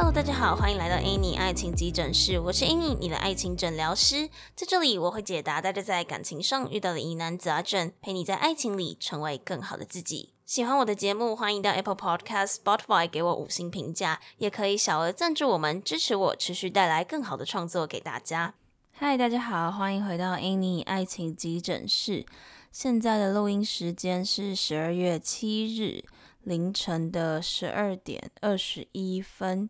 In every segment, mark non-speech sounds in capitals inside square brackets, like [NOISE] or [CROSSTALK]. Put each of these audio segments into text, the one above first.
Hello，大家好，歡迎來到 Annie 愛情急診室，我是 Annie，你的愛情診療師，在這裡我會解答大家在感情上遇到的疑難雜症，陪你在愛情裡成為更好的自己。喜歡我的節目，歡迎到 Apple Podcast、Spotify 給我五星評價，也可以小額贊助我們，支持我持續帶來更好的創作給大家。Hi，大家好，歡迎回到 Annie 愛情急診室。現在的錄音時間是十二月七日凌晨的十二點二十一分。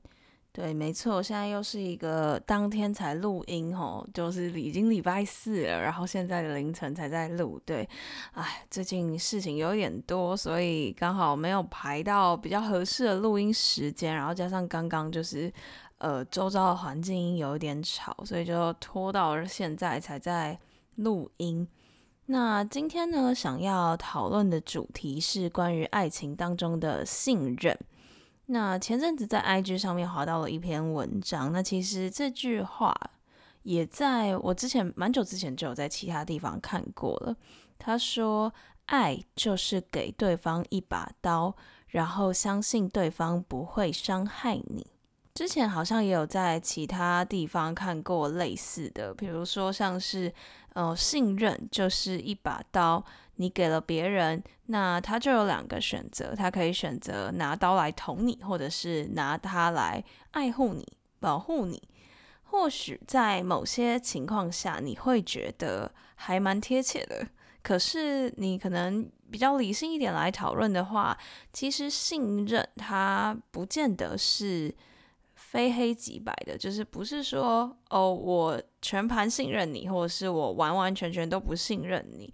對，沒錯，現在又是一個當天才錄音哦，就是已經禮拜四了，然後現在的凌晨才在錄。對，唉，最近事情有點多，所以剛好沒有排到比較合適的錄音時間，然後加上剛剛就是呃週遭的環境有一點吵，所以就拖到現在才在錄音。那今天呢，想要討論的主題是關於愛情當中的信任。那前陣子在 IG 上面滑到了一篇文章，那其實這句話也在我之前蠻久之前就有在其他地方看過了。他說：“愛就是給對方一把刀，然後相信對方不會傷害你。”之前好像也有在其他地方看過類似的，比如說像是呃，信任就是一把刀。你給了別人，那他就有兩個選擇：他可以選擇拿刀來捅你，或者是拿他來愛護你、保護你。或許在某些情況下，你會覺得還蠻貼切的。可是你可能比較理性一點來討論的話，其實信任它不見得是非黑即白的，就是不是說哦，我全盤信任你，或者是我完完全全都不信任你。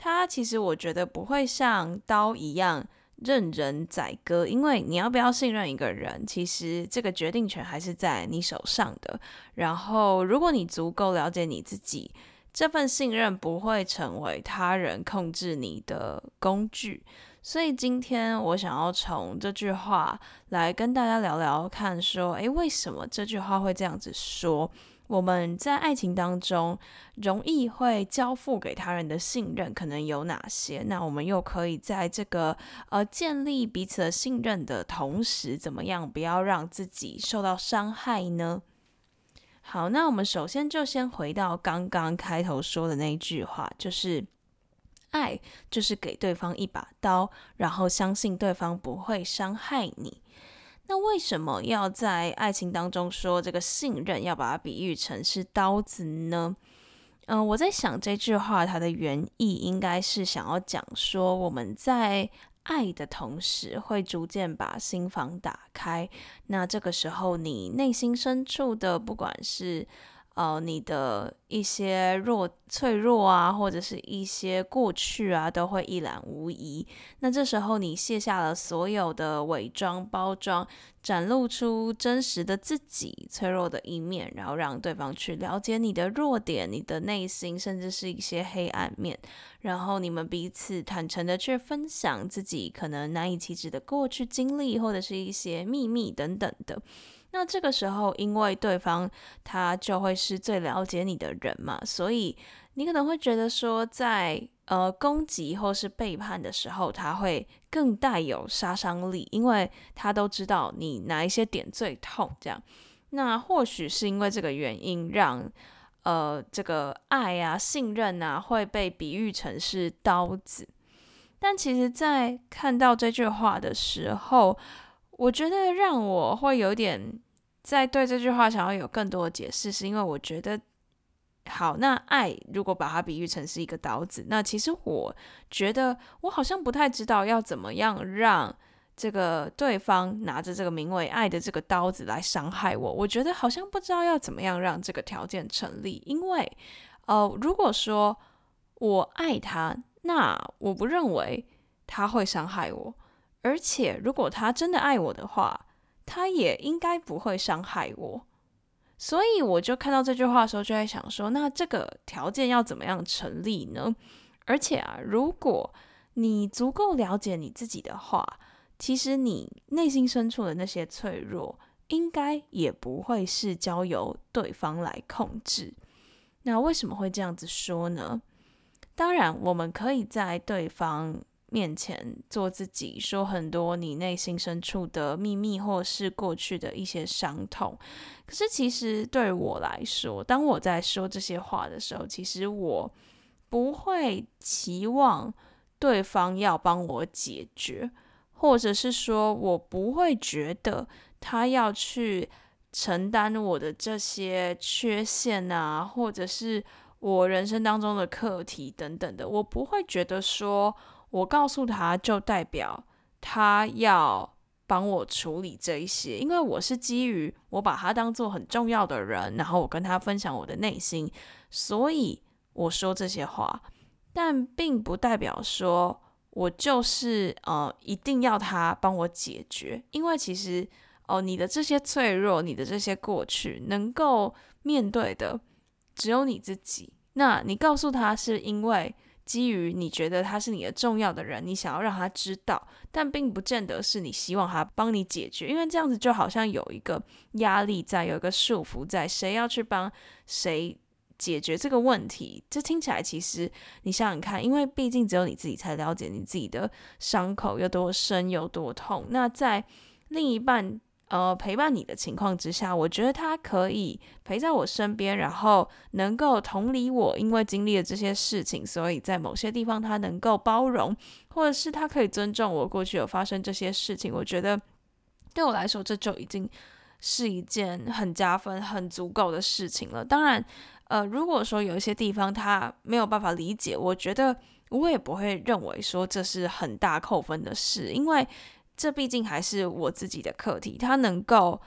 它其實我覺得不會像刀一樣任人宰割，因為你要不要信任一個人，其實這個決定權還是在你手上的。然後，如果你足夠了解你自己，這份信任不會成為他人控制你的工具。所以今天我想要從這句話來跟大家聊聊，看說，誒，為什麼這句話會這樣子說？我們在愛情當中容易會交付給他人的信任，可能有哪些？那我們又可以在這個呃建立彼此的信任的同時，怎麼樣不要讓自己受到傷害呢？好，那我們首先就先回到剛剛開頭說的那句話，就是愛就是給對方一把刀，然後相信對方不會傷害你。那為什麼要在愛情當中說這個信任要把它比喻成是刀子呢？嗯、呃，我在想這句話它的原意應該是想要講說，我們在愛的同時會逐漸把心房打開，那這個時候你內心深處的不管是呃、你的一些弱、脆弱啊，或者是一些過去啊，都會一覽無遺。那這時候你卸下了所有的偽裝、包裝，展露出真實的自己、脆弱的一面，然後讓對方去了解你的弱點、你的內心，甚至是一些黑暗面。然後你們彼此坦誠的去分享自己可能難以啟齒的過去經歷，或者是一些秘密等等的。那這個時候，因為對方他就會是最了解你的人嘛，所以你可能會覺得說，在呃攻擊或是背叛的時候，他會更帶有殺傷力，因為他都知道你哪一些點最痛。這樣，那或許是因為這個原因，讓呃這個愛啊、信任啊，會被比喻成是刀子。但其實，在看到這句話的時候，我覺得讓我會有點在對這句話想要有更多的解釋，是因為我覺得，好，那愛如果把它比喻成是一個刀子，那其實我覺得我好像不太知道要怎麼樣讓這個對方拿着這個名為愛的這個刀子來傷害我。我覺得好像不知道要怎麼樣讓這個條件成立，因為，呃，如果說我愛他，那我不認為他會傷害我。而且，如果他真的愛我的話，他也應該不會傷害我。所以，我就看到這句話的時候，就在想說，那這個條件要怎麼樣成立呢？而且啊，如果你足夠了解你自己的話，其實你內心深處的那些脆弱，應該也不會是交由對方來控制。那為什麼會這樣子說呢？當然，我們可以在對方。面前做自己，說很多你內心深處的秘密，或是過去的一些傷痛。可是其實對我來說，當我在說這些話的時候，其實我不會期望對方要幫我解決，或者是說我不會覺得他要去承擔我的這些缺陷啊，或者是我人生當中的課題等等的。我不會覺得說。我告訴他就代表他要幫我處理這一些，因為我是基於我把他當做很重要的人，然後我跟他分享我的內心，所以我說這些話，但並不代表說我就是呃一定要他幫我解決，因為其實哦，呃，你的這些脆弱，你的這些過去能夠面對的只有你自己，那你告訴他是因為。基於你覺得他是你的重要的人，你想要讓他知道，但並不見得是你希望他幫你解決，因為這樣子就好像有一個壓力在，有一個束縛在，誰要去幫誰解決這個問題？這聽起來其實你想想看，因為畢竟只有你自己才了解你自己的傷口有多深、有多痛。那在另一半。呃，陪伴你的情況之下，我覺得他可以陪在我身邊，然後能夠同理我。因為經歷了這些事情，所以在某些地方他能夠包容，或者是他可以尊重我過去有發生這些事情。我覺得對我來說，這就已經是一件很加分、很足夠的事情了。當然，呃，如果說有一些地方他沒有辦法理解，我覺得我也不會認為說這是很大扣分的事，因為。這畢竟還是我自己的課題，他能夠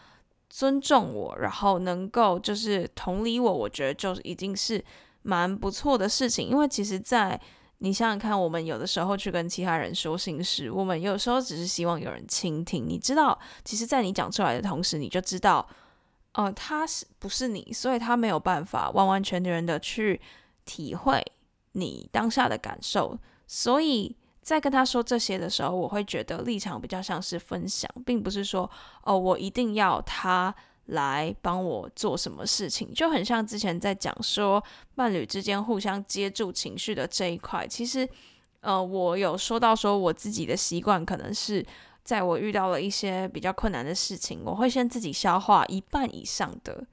尊重我，然後能夠就是同理我，我覺得就已經是蠻不錯的事情。因為其實在，在你想想看，我們有的時候去跟其他人說心事，我們有時候只是希望有人傾聽。你知道，其實，在你講出來的同時，你就知道，哦、呃，他是不是你，所以他沒有辦法完完全全的去體會你當下的感受，所以。在跟他說這些的時候，我會覺得立場比較像是分享，並不是說哦、呃，我一定要他來幫我做什麼事情，就很像之前在講說伴侶之間互相接住情緒的這一塊。其實，呃，我有說到說，我自己的習慣可能是在我遇到了一些比較困難的事情，我會先自己消化一半以上的。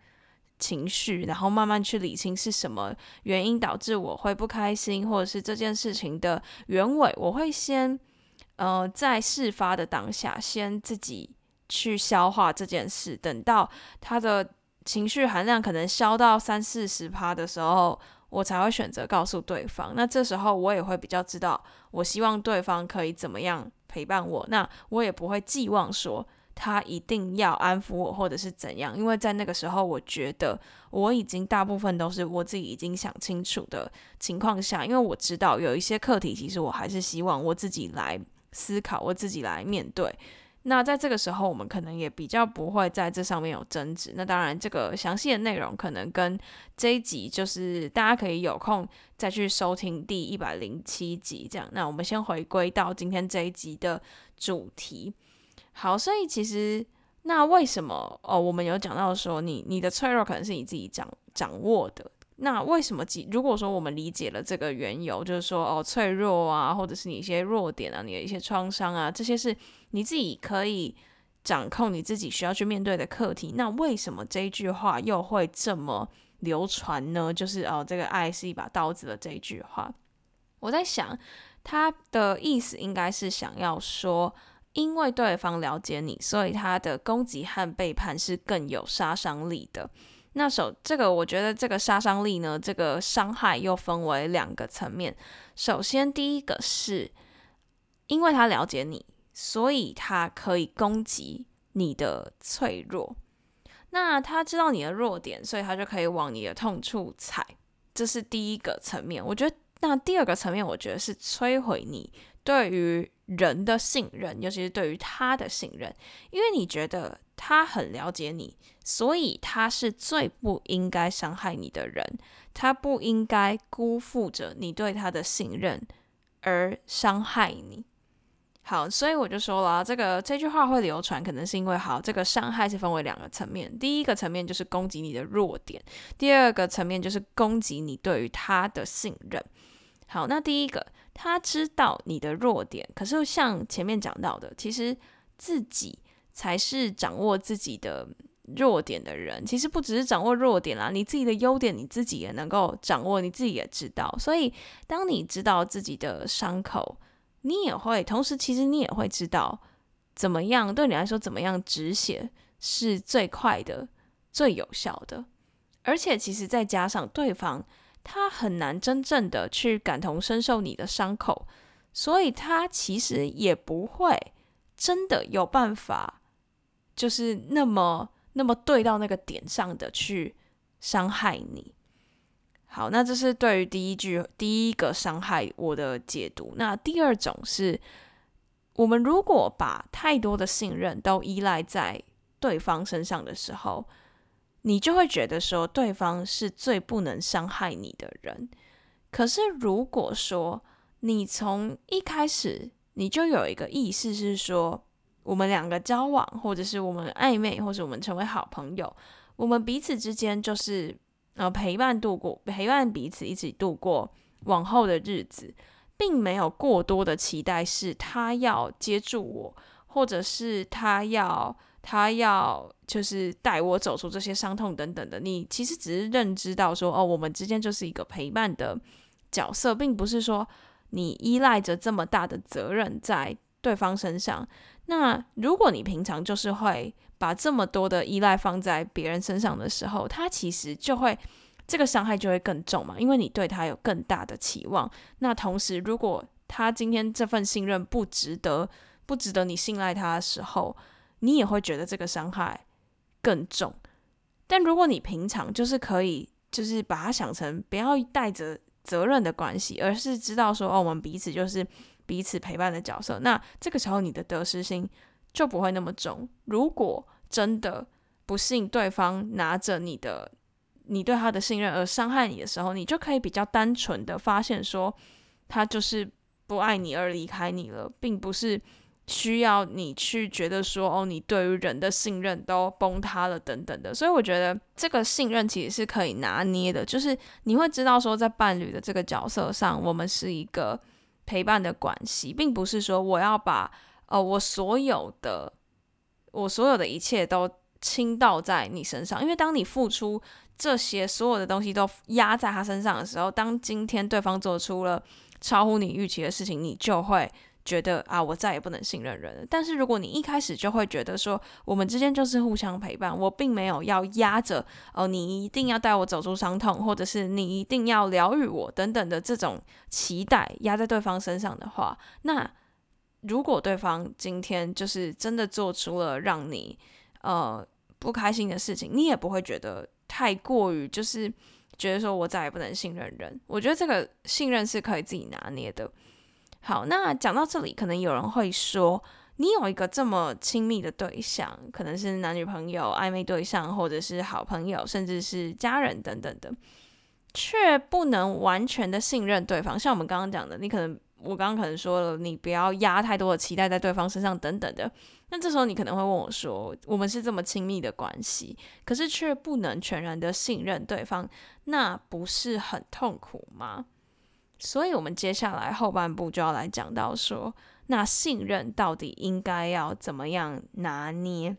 情緒，然後慢慢去理清是什麼原因導致我會不開心，或者是這件事情的原委。我會先，呃，在事發的當下，先自己去消化這件事。等到他的情緒含量可能消到三四十趴的時候，我才會選擇告訴對方。那這時候，我也會比較知道，我希望對方可以怎麼樣陪伴我。那我也不會寄望說。他一定要安撫我，或者是怎樣？因為在那個時候，我覺得我已經大部分都是我自己已經想清楚的情況下，因為我知道有一些課題，其實我還是希望我自己來思考，我自己來面對。那在這個時候，我們可能也比較不會在這上面有爭執。那當然，這個詳細的內容可能跟這一集就是大家可以有空再去收聽第一百零七集這樣。那我們先回歸到今天這一集的主題。好，所以其實那為什麼哦？我們有講到說，你，你的脆弱可能是你自己掌掌握的。那為什麼，如果說我們理解了這個緣由，就是說哦，脆弱啊，或者是你一些弱點啊，你的一些創傷啊，這些是你自己可以掌控、你自己需要去面對的課題。那為什麼這一句話又會這麼流傳呢？就是哦，這個愛是一把刀子的這一句話，我在想，他的意思應該是想要說。因為對方了解你，所以他的攻擊和背叛是更有殺傷力的。那首這個，我覺得這個殺傷力呢，這個傷害又分為兩個層面。首先，第一個是，因為他了解你，所以他可以攻擊你的脆弱。那他知道你的弱點，所以他就可以往你的痛處踩。這是第一個層面。我覺得那第二個層面，我覺得是摧毀你，對於人的信任，尤其是對於他的信任，因為你覺得他很了解你，所以他是最不應該傷害你的人，他不應該辜負着你對他的信任而傷害你。好，所以我就說了啊，這個這句話會流傳，可能是因為好，這個傷害是分為兩個層面，第一個層面就是攻擊你的弱點，第二個層面就是攻擊你對於他的信任。好，那第一個。他知道你的弱點，可是像前面講到的，其實自己才是掌握自己的弱點的人。其實不只是掌握弱點啦，你自己的優點你自己也能夠掌握，你自己也知道。所以當你知道自己的傷口，你也會同時，其實你也會知道怎麼樣對你來說怎麼樣止血是最快的、最有效的。而且，其實再加上對方。他很難真正的去感同身受你的傷口，所以他其實也不會真的有辦法，就是那麼那麼對到那個點上的去傷害你。好，那這是對於第一句，第一個傷害我的解讀。那第二種是我們如果把太多的信任都依賴在對方身上的時候。你就會覺得說，對方是最不能傷害你的人，可是如果說你從一開始你就有一個意識是說，我們兩個交往，或者是我們曖昧，或者我們成為好朋友，我們彼此之間就是呃陪伴度過，陪伴彼此一起度過往後的日子，並沒有過多的期待是他要接住我，或者是他要。他要就是帶我走出這些傷痛等等的，你其實只是認知到說，哦，我們之間就是一個陪伴的角色，並不是說你依賴着這麼大的責任在對方身上。那如果你平常就是會把這麼多的依賴放在別人身上的時候，他其實就會這個傷害就會更重嘛，因為你對他有更大的期望。那同時，如果他今天這份信任不值得，不值得你信賴他的時候，你也會覺得這個傷害更重，但如果你平常就是可以，就是把它想成不要帶着責任的關係，而是知道說哦，我們彼此就是彼此陪伴的角色，那這個時候你的得失心就不會那麼重。如果真的不幸對方拿着你的你對他的信任而傷害你的時候，你就可以比較單純的發現說他就是不愛你而離開你了，並不是。需要你去覺得說，哦，你對於人的信任都崩塌了，等等的。所以我覺得這個信任其實是可以拿捏的，就是你會知道說，在伴侶的這個角色上，我們是一個陪伴的關係，並不是說我要把呃我所有的我所有的一切都傾倒在你身上。因為當你付出這些所有的東西都壓在他身上的時候，當今天對方做出了超乎你預期的事情，你就會。覺得啊，我再也不能信任人。但是如果你一開始就會覺得說，我們之間就是互相陪伴，我並沒有要壓着哦，你一定要帶我走出傷痛，或者是你一定要療癒我等等的這種期待壓在對方身上的話，那如果對方今天就是真的做出了讓你呃不開心的事情，你也不會覺得太過於就是覺得說我再也不能信任人。我覺得這個信任是可以自己拿捏的。好，那講到這裡，可能有人會說，你有一個這麼親密的對象，可能是男女朋友、曖昧對象，或者是好朋友，甚至是家人等等的，卻不能完全的信任對方。像我們剛剛講的，你可能我剛剛可能說了，你不要壓太多的期待在對方身上等等的。那這時候你可能會問我說，我們是這麼親密的關係，可是卻不能全然的信任對方，那不是很痛苦嗎？所以，我們接下來後半部就要來講到說，那信任到底應該要怎麼樣拿捏？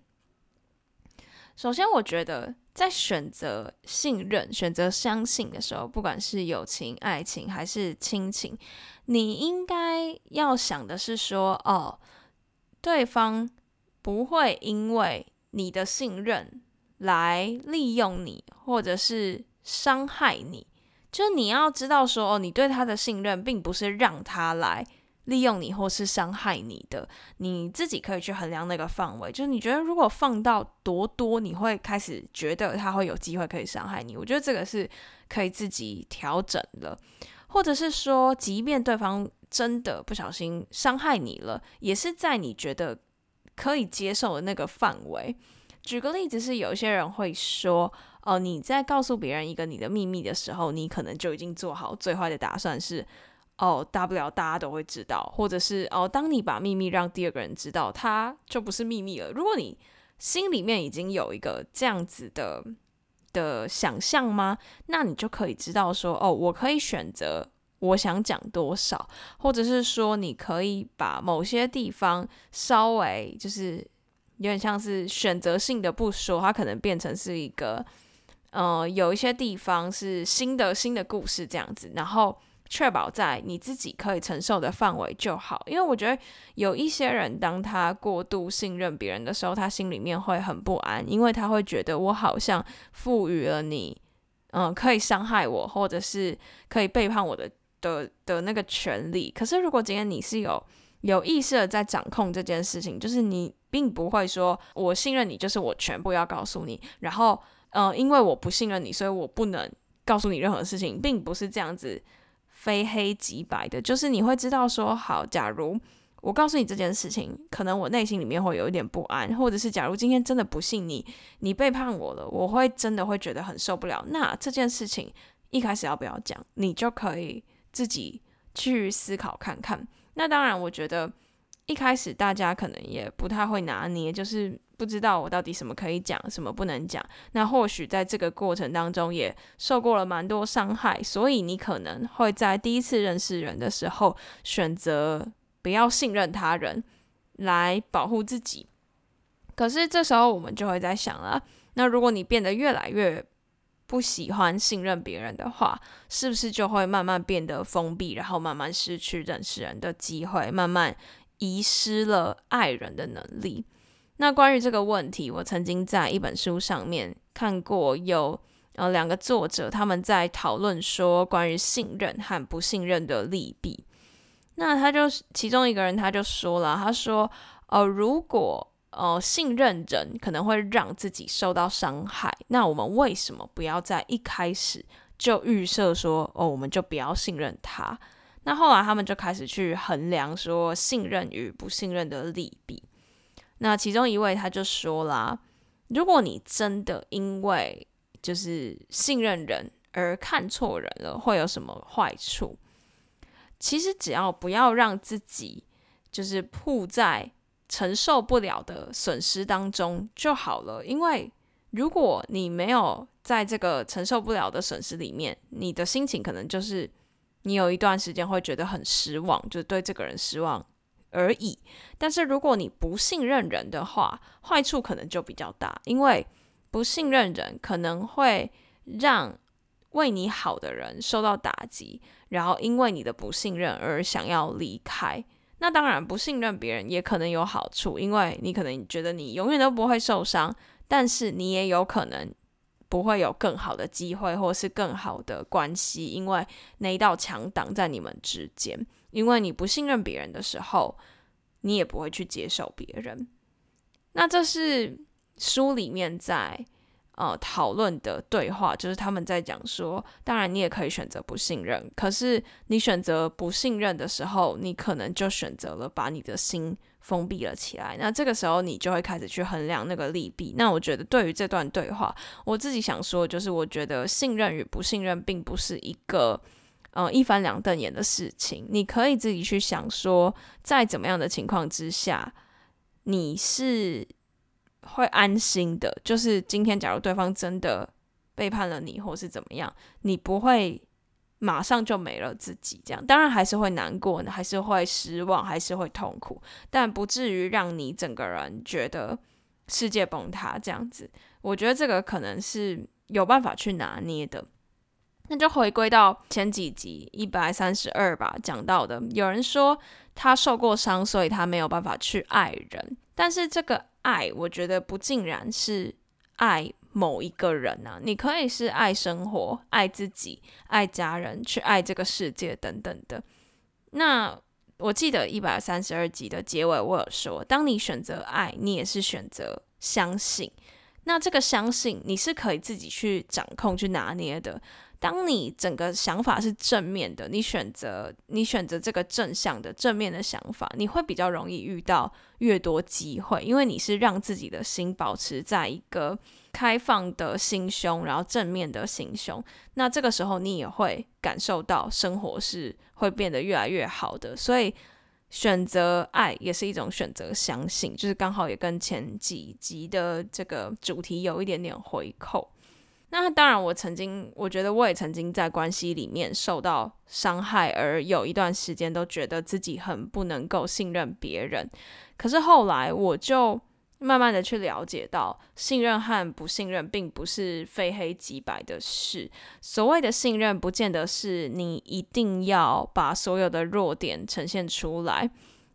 首先，我覺得在選擇信任、選擇相信的時候，不管是友情、愛情還是親情，你應該要想的是說，哦，對方不會因為你的信任來利用你，或者是傷害你。就是你要知道，說你對他的信任，並不是讓他來利用你或是傷害你的，你自己可以去衡量那個範圍。就是你覺得如果放到多多，你會開始覺得他會有機會可以傷害你。我覺得這個是可以自己調整的，或者是說，即便對方真的不小心傷害你了，也是在你覺得可以接受的那個範圍。舉個例子是，是有些人會說。哦，你在告訴別人一個你的秘密的時候，你可能就已經做好最壞的打算是，是哦，大不了大家都會知道，或者是哦，當你把秘密讓第二個人知道，他就不是秘密了。如果你心裡面已經有一個這樣子的的想象嗎？那你就可以知道說，哦，我可以選擇我想講多少，或者是說，你可以把某些地方稍微就是有點像是選擇性的不說，它可能變成是一個。呃，有一些地方是新的新的故事，這樣子，然後確保在你自己可以承受的範圍就好。因為我覺得有一些人，當他過度信任別人的時候，他心裡面會很不安，因為他會覺得我好像賦予了你，嗯、呃，可以傷害我，或者是可以背叛我的的的那個權利。可是如果今天你是有有意識的在掌控這件事情，就是你並不會說我信任你，就是我全部要告訴你，然後。嗯、呃，因為我不信任你，所以我不能告訴你任何事情，並不是這樣子非黑即白的。就是你會知道說，好，假如我告訴你這件事情，可能我內心裡面會有一點不安，或者是假如今天真的不信你，你背叛我了，我會真的會覺得很受不了。那這件事情一開始要不要講，你就可以自己去思考看看。那當然，我覺得一開始大家可能也不太會拿捏，就是。不知道我到底什麼可以講，什麼不能講。那或許在這個過程當中也受過了蠻多傷害，所以你可能會在第一次認識人的時候選擇不要信任他人來保護自己。可是這時候我們就會在想了，那如果你變得越來越不喜歡信任別人的話，是不是就會慢慢變得封閉，然後慢慢失去認識人的機會，慢慢遺失了愛人的能力？那關於這個問題，我曾經在一本書上面看過有，有呃兩個作者他們在討論說關於信任和不信任的利弊。那他就其中一個人他就說了，他說，呃，如果呃，信任人可能會讓自己受到傷害，那我們為什麼不要在一開始就預設說，哦，我們就不要信任他？那後來他們就開始去衡量說信任與不信任的利弊。那其中一位他就說啦：“如果你真的因為就是信任人而看錯人了，會有什麼壞處？其實只要不要讓自己就是撲在承受不了的損失當中就好了。因為如果你沒有在這個承受不了的損失裡面，你的心情可能就是你有一段時間會覺得很失望，就對這個人失望。”而已。但是如果你不信任人的話，壞處可能就比較大，因為不信任人可能會讓為你好的人受到打擊，然後因為你的不信任而想要離開。那當然，不信任別人也可能有好處，因為你可能覺得你永遠都不會受傷，但是你也有可能不會有更好的機會，或是更好的關係，因為那一道牆擋在你們之間。因為你不信任別人的時候，你也不會去接受別人。那這是書裡面在呃討論的對話，就是他們在講說，當然你也可以選擇不信任，可是你選擇不信任的時候，你可能就選擇了把你的心封閉了起來。那這個時候你就會開始去衡量那個利弊。那我覺得對於這段對話，我自己想說就是我覺得信任與不信任並不是一個。嗯、呃，一翻兩瞪眼的事情，你可以自己去想說，在怎麼樣的情況之下，你是會安心的。就是今天，假如對方真的背叛了你，或是怎麼樣，你不會馬上就沒了自己這樣。當然還是會難過，還是會失望，還是會痛苦，但不至於讓你整個人覺得世界崩塌這樣子。我覺得這個可能是有辦法去拿捏的。那就回歸到前幾集一百三十二吧，講到的有人說他受過傷，所以他沒有辦法去愛人。但是這個愛，我覺得不盡然是愛某一個人啊，你可以是愛生活、愛自己、愛家人、去愛這個世界等等的。那我記得一百三十二集的結尾，我有說，當你選擇愛，你也是選擇相信。那這個相信，你是可以自己去掌控、去拿捏的。當你整個想法是正面的，你選擇你選擇這個正向的正面的想法，你會比較容易遇到越多機會，因為你是讓自己的心保持在一個開放的心胸，然後正面的心胸。那這個時候你也會感受到生活是會變得越來越好的。所以選擇愛也是一種選擇，相信就是剛好也跟前幾集的這個主題有一點點回扣。那當然，我曾經，我覺得我也曾經在關係裡面受到傷害，而有一段時間都覺得自己很不能夠信任別人。可是後來，我就慢慢的去了解到，信任和不信任並不是非黑即白的事。所謂的信任，不見得是你一定要把所有的弱點呈現出來。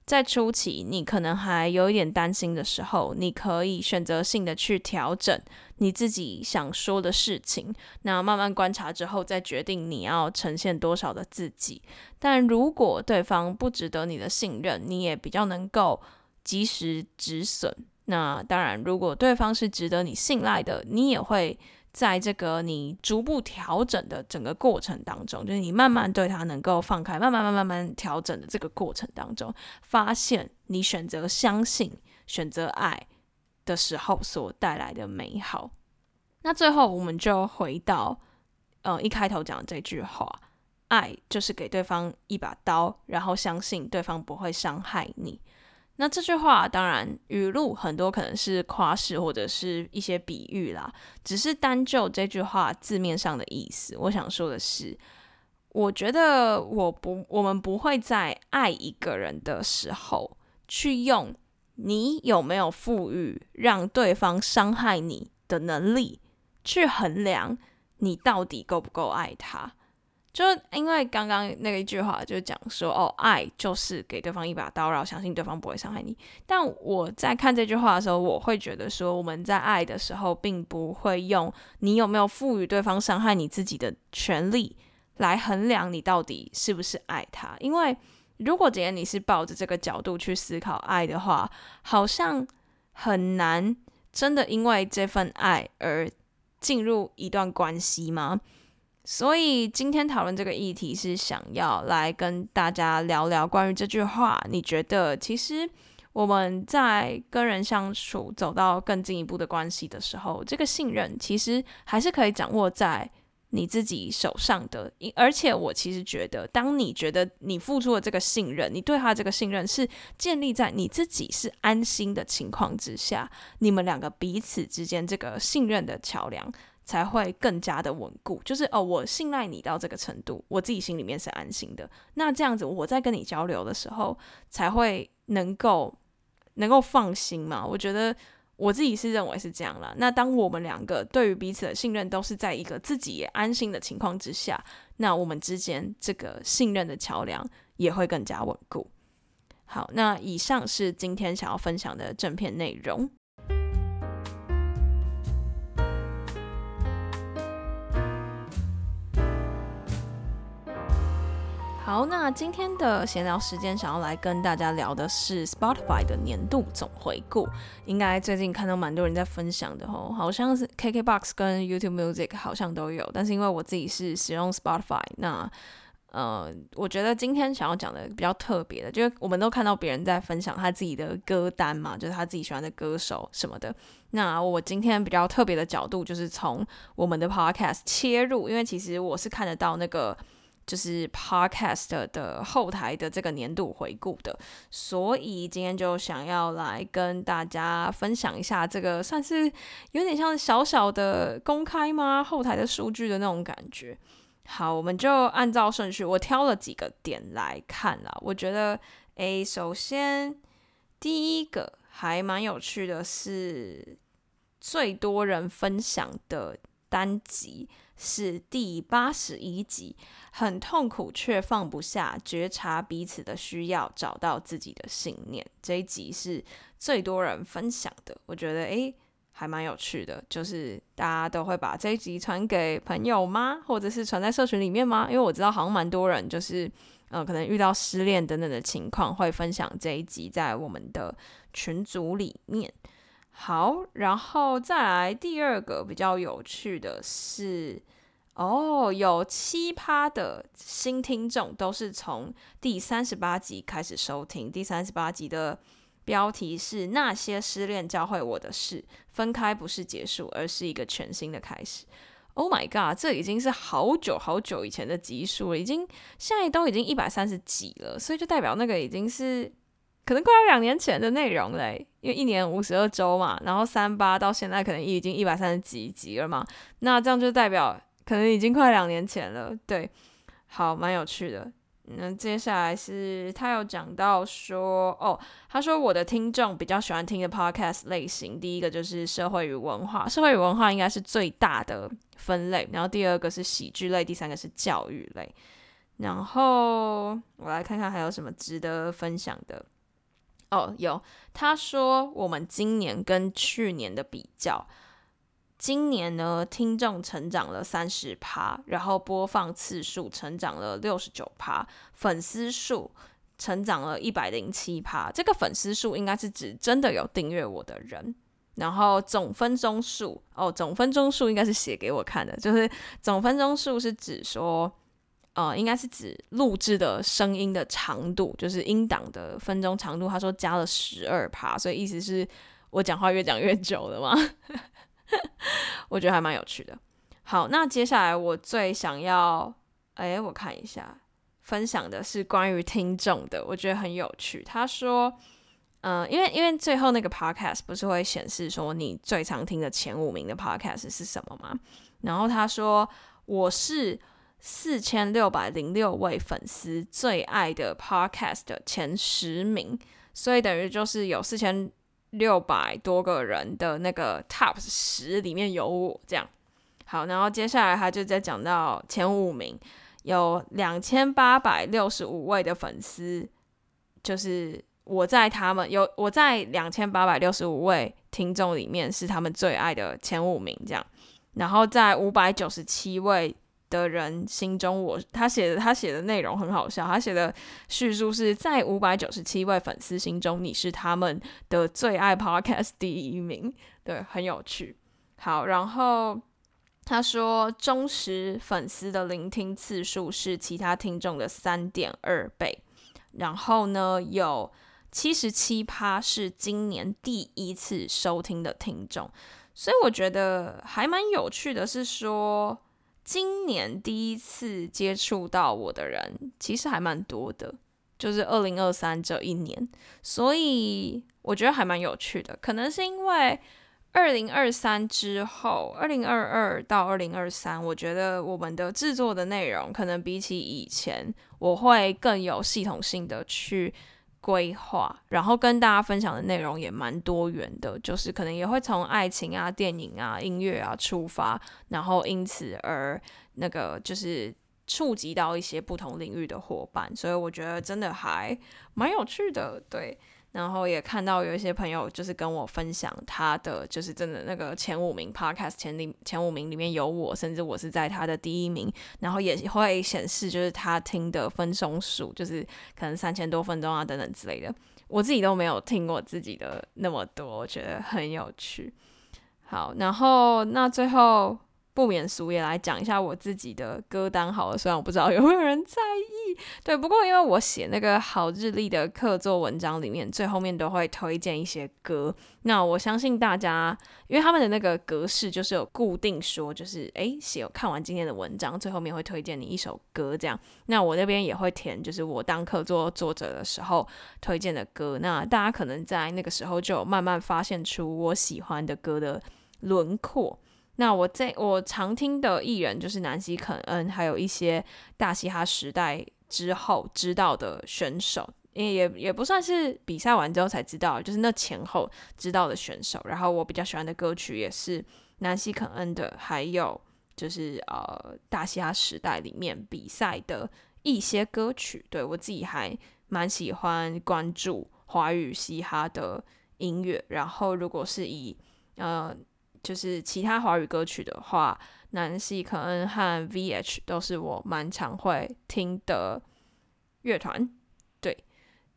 在初期，你可能還有一點擔心的時候，你可以選擇性的去調整你自己想說的事情。那慢慢觀察之後，再決定你要呈現多少的自己。但如果對方不值得你的信任，你也比較能夠及時止損。那當然，如果對方是值得你信賴的，你也會。在這個你逐步調整的整個過程當中，就是你慢慢對他能夠放開，慢慢、慢慢、慢慢調整的這個過程當中，發現你選擇相信、選擇愛的時候所帶來的美好。那最後，我們就回到，嗯、呃，一開頭講的這句話，愛就是給對方一把刀，然後相信對方不會傷害你。那這句話當然，語錄很多可能是誇飾或者是一些比喻啦。只是單就這句話字面上的意思，我想說的是，我覺得我不，我們不會在愛一個人的時候去用你有沒有賦予讓對方傷害你的能力去衡量你到底夠不夠愛他。就是因為剛剛那個一句話，就講說哦，愛就是給對方一把刀，然後相信對方不會傷害你。但我在看這句話的時候，我會覺得說，我們在愛的時候，並不會用你有沒有賦予對方傷害你自己的權利來衡量你到底是不是愛他。因為如果只是你是抱着這個角度去思考愛的話，好像很難真的因為這份愛而進入一段關係嗎？所以今天討論這個議題，是想要來跟大家聊聊關於這句話。你覺得，其實我們在跟人相處，走到更進一步的關係的時候，這個信任其實還是可以掌握在你自己手上的。而且，我其實覺得，當你覺得你付出了這個信任，你對他這個信任是建立在你自己是安心的情況之下，你們兩個彼此之間這個信任的橋樑。才會更加的穩固，就是哦，我信賴你到這個程度，我自己心裡面是安心的。那這樣子，我在跟你交流的時候，才會能夠能夠放心嘛。我覺得我自己是認為是這樣啦。那當我們兩個對於彼此的信任都是在一個自己也安心的情況之下，那我們之間這個信任的橋樑也會更加穩固。好，那以上是今天想要分享的正片內容。好，那今天的閒聊時間，想要來跟大家聊的是 Spotify 的年度總回顧。應該最近看到蠻多人在分享的吼，好像是 KKBOX 跟 YouTube Music 好像都有，但是因為我自己是使用 Spotify，那呃，我覺得今天想要講的比較特別的，就是我們都看到別人在分享他自己的歌單嘛，就是他自己喜歡的歌手什麼的。那我今天比較特別的角度，就是從我們的 podcast 切入，因為其實我是看得到那個。就是 Podcast 的後台的這個年度回顧的，所以今天就想要來跟大家分享一下這個，算是有點像小小的公開嗎？後台的數據的那種感覺。好，我們就按照順序，我挑了幾個點來看啦。我覺得，誒，首先第一個還蠻有趣的是，最多人分享的單集。是第八十一集，很痛苦卻放不下，覺察彼此的需要，找到自己的信念。這一集是最多人分享的，我覺得欸，還蠻有趣的，就是大家都會把這一集傳給朋友嗎？或者是傳在社群裡面嗎？因為我知道好像蠻多人，就是嗯，可能遇到失戀等等的情況，會分享這一集在我們的群組裡面。好，然後再來第二個比較有趣的是，哦，有奇葩的新聽眾都是從第三十八集開始收聽。第三十八集的標題是《那些失戀教會我的事》，分開不是結束，而是一個全新的開始。Oh my god，這已經是好久好久以前的集數了，已經現在都已經一百三十幾了，所以就代表那個已經是。可能快要兩年前的內容嘞，因為一年五十二周嘛，然後三八到現在可能已經一百三十幾集了嘛，那這樣就代表可能已經快兩年前了。對，好，蠻有趣的。那接下來是他有講到說，哦，他說我的聽眾比較喜歡聽的 podcast 類型，第一個就是社會與文化，社會與文化應該是最大的分類，然後第二個是喜劇類，第三個是教育類。然後我來看看還有什麼值得分享的。哦，有，他說我們今年跟去年的比較，今年呢，聽眾成長了三十趴，然後播放次數成長了六十九趴，粉絲數成長了一百零七趴。這個粉絲數應該是指真的有訂閱我的人，然後總分鐘數哦，總分鐘數應該是寫給我看的，就是總分鐘數是指說。呃，應該是指錄製的聲音的長度，就是音檔的分鐘長度。他說加了十二趴，所以意思是我講話越講越久了嗎？ [LAUGHS] 我覺得還蠻有趣的。好，那接下來我最想要，哎、欸，我看一下，分享的是關於聽眾的，我覺得很有趣。他說，嗯、呃，因為因為最後那個 podcast 不是會顯示說你最常聽的前五名的 podcast 是什麼嗎？然後他說我是。四千六百零六位粉絲最愛的 Podcast 的前十名，所以等於就是有四千六百多個人的那個 Top 十裡面有我這樣。好，然後接下來他就再講到前五名，有兩千八百六十五位的粉絲，就是我在他們有我在兩千八百六十五位聽眾裡面是他們最愛的前五名這樣。然後在五百九十七位，的人心中我，我他寫的他寫的內容很好笑。他寫的敘述是在五百九十七位粉絲心中，你是他們的最愛 Podcast 第一名，對，很有趣。好，然後他說，忠實粉絲的聆聽次數是其他聽眾的三點二倍。然後呢，有七十七趴是今年第一次收聽的聽眾。所以我覺得還蠻有趣的是說。今年第一次接觸到我的人，其實還蠻多的，就是二零二三這一年，所以我覺得還蠻有趣的。可能是因為二零二三之後，二零二二到二零二三，我覺得我們的制作的內容可能比起以前，我會更有系統性的去規劃，然後跟大家分享的內容也蠻多元的，就是可能也會從愛情啊、電影啊、音樂啊出發，然後因此而那個就是觸及到一些不同領域的夥伴，所以我覺得真的還蠻有趣的，對。然後也看到有一些朋友就是跟我分享他的，就是真的那個前五名 podcast 前裡前五名裡面有我，甚至我是在他的第一名，然後也會顯示，就是他聽的分鐘數，就是可能三千多分鐘啊等等之類的，我自己都沒有聽過自己的那麼多，我覺得很有趣。好，然後那最後。不免俗也來講一下我自己的歌單好了，雖然我不知道有沒有人在意，對，不過因為我寫那個好日曆的客座文章裡面最後面都會推薦一些歌，那我相信大家，因為他們的那個格式就是有固定說，就是誒寫看完今天的文章最後面會推薦你一首歌這樣，那我那邊也會填，就是我當客座作者的時候推薦的歌，那大家可能在那個時候就慢慢發現出我喜歡的歌的輪廓。那我在我常聽的藝人就是南西肯恩，還有一些大嘻哈時代之後知道的選手，因為也也不算是比賽完之後才知道，就是那前後知道的選手。然後我比較喜歡的歌曲也是南西肯恩的，還有就是呃大嘻哈時代裡面比賽的一些歌曲。對，我自己還蠻喜歡關注華語嘻哈的音樂。然後如果是以呃。就是其他華語歌曲的話，南西肯恩和 VH 都是我蠻常會聽的樂團。對，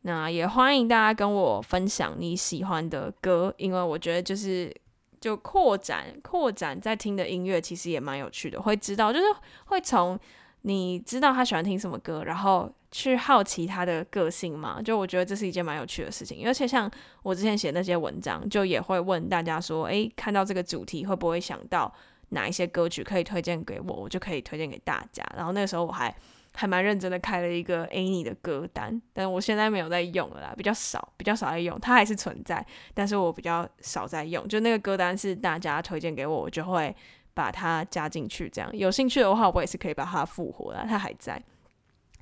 那也歡迎大家跟我分享你喜歡的歌，因為我覺得就是就擴展擴展在聽的音樂，其實也蠻有趣的，會知道就是會從。你知道他喜歡聽什麼歌，然後去好奇他的個性嗎？就我覺得這是一件蠻有趣的事情，而且像我之前寫那些文章，就也會問大家說，誒，看到這個主題會不會想到哪一些歌曲可以推薦給我，我就可以推薦給大家。然後那個時候我還還蠻認真的開了一個 Annie 的歌單，但我現在沒有在用了啦，比較少，比較少在用，它還是存在，但是我比較少在用，就那個歌單是大家推薦給我，我就會。把它加進去，這樣有興趣的話，我也是可以把它復活的。它還在。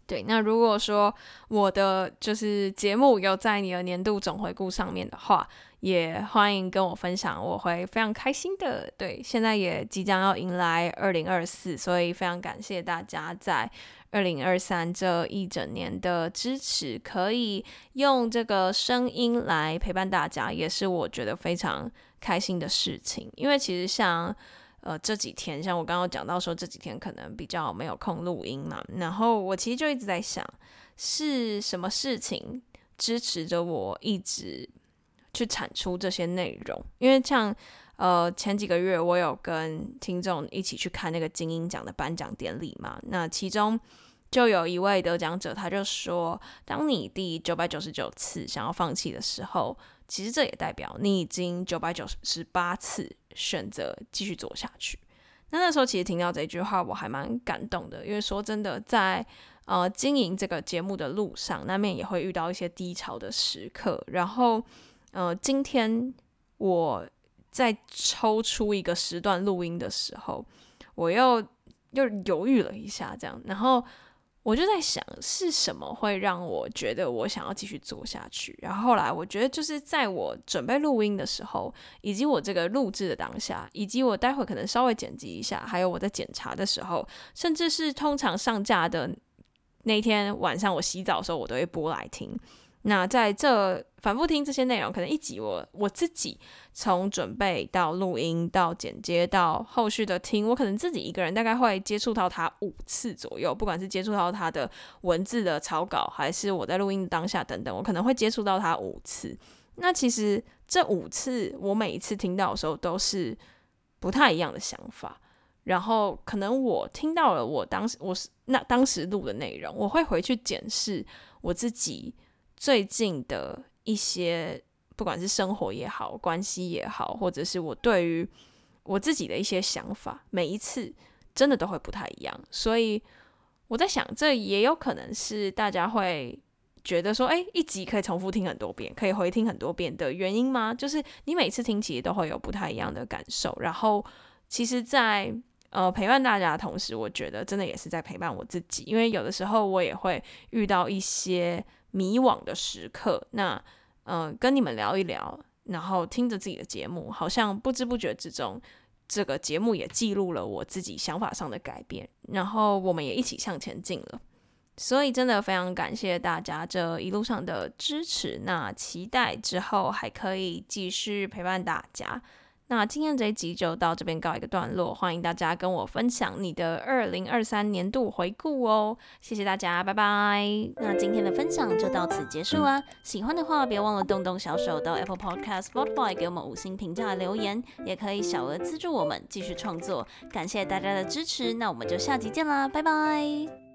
對，那如果說我的就是節目有在你的年度總回顧上面的話，也歡迎跟我分享，我會非常開心的。對，現在也即將要迎來二零二四，所以非常感謝大家在二零二三這一整年的支持，可以用這個聲音來陪伴大家，也是我覺得非常開心的事情。因為其實像呃，這幾天像我剛剛講到說，這幾天可能比較沒有空錄音嘛，然後我其實就一直在想，是什麼事情支持着我一直去產出這些內容？因為像呃前幾個月我有跟聽眾一起去看那個精英獎的頒獎典禮嘛，那其中就有一位得獎者，他就說，當你第九百九十九次想要放棄的時候。其實這也代表你已經九百九十八次選擇繼續做下去。那那時候其實聽到這句話，我還蠻感動的，因為說真的，在呃經營這個節目的路上，難免也會遇到一些低潮的時刻。然後，呃，今天我在抽出一個時段錄音的時候，我又又猶豫了一下，這樣，然後。我就在想，是什麼會讓我覺得我想要繼續做下去？然後後來我覺得，就是在我準備錄音的時候，以及我這個錄制的當下，以及我待會可能稍微剪輯一下，還有我在檢查的時候，甚至是通常上架的那天晚上，我洗澡的時候，我都會播來聽。那在這反覆聽這些內容，可能一集我我自己從準備到錄音到剪接到後續的聽，我可能自己一個人大概會接觸到它五次左右，不管是接觸到它的文字的草稿，還是我在錄音當下等等，我可能會接觸到它五次。那其實這五次我每一次聽到的時候都是不太一樣的想法，然後可能我聽到了我，我當時我是那當時錄的內容，我會回去檢視我自己。最近的一些，不管是生活也好，關係也好，或者是我對於我自己的一些想法，每一次真的都會不太一樣。所以我在想，這也有可能是大家會覺得說，哎、欸，一集可以重複聽很多遍，可以回聽很多遍的原因嗎？就是你每次聽，其實都會有不太一樣的感受。然後，其實在，在呃陪伴大家的同時，我覺得真的也是在陪伴我自己，因為有的時候我也會遇到一些。迷惘的時刻，那嗯、呃，跟你們聊一聊，然後聽着自己的節目，好像不知不覺之中，這個節目也記錄了我自己想法上的改變，然後我們也一起向前進了。所以真的非常感謝大家這一路上的支持，那期待之後還可以繼續陪伴大家。那今天這一集就到這邊告一個段落，歡迎大家跟我分享你的二零二三年度回顧哦，謝謝大家，拜拜。那今天的分享就到此結束啦，嗯、喜歡的話別忘了動動小手到 Apple Podcast、Spotify 給我們五星評價的留言，也可以小額資助我們繼續創作，感謝大家的支持，那我們就下集見啦，拜拜。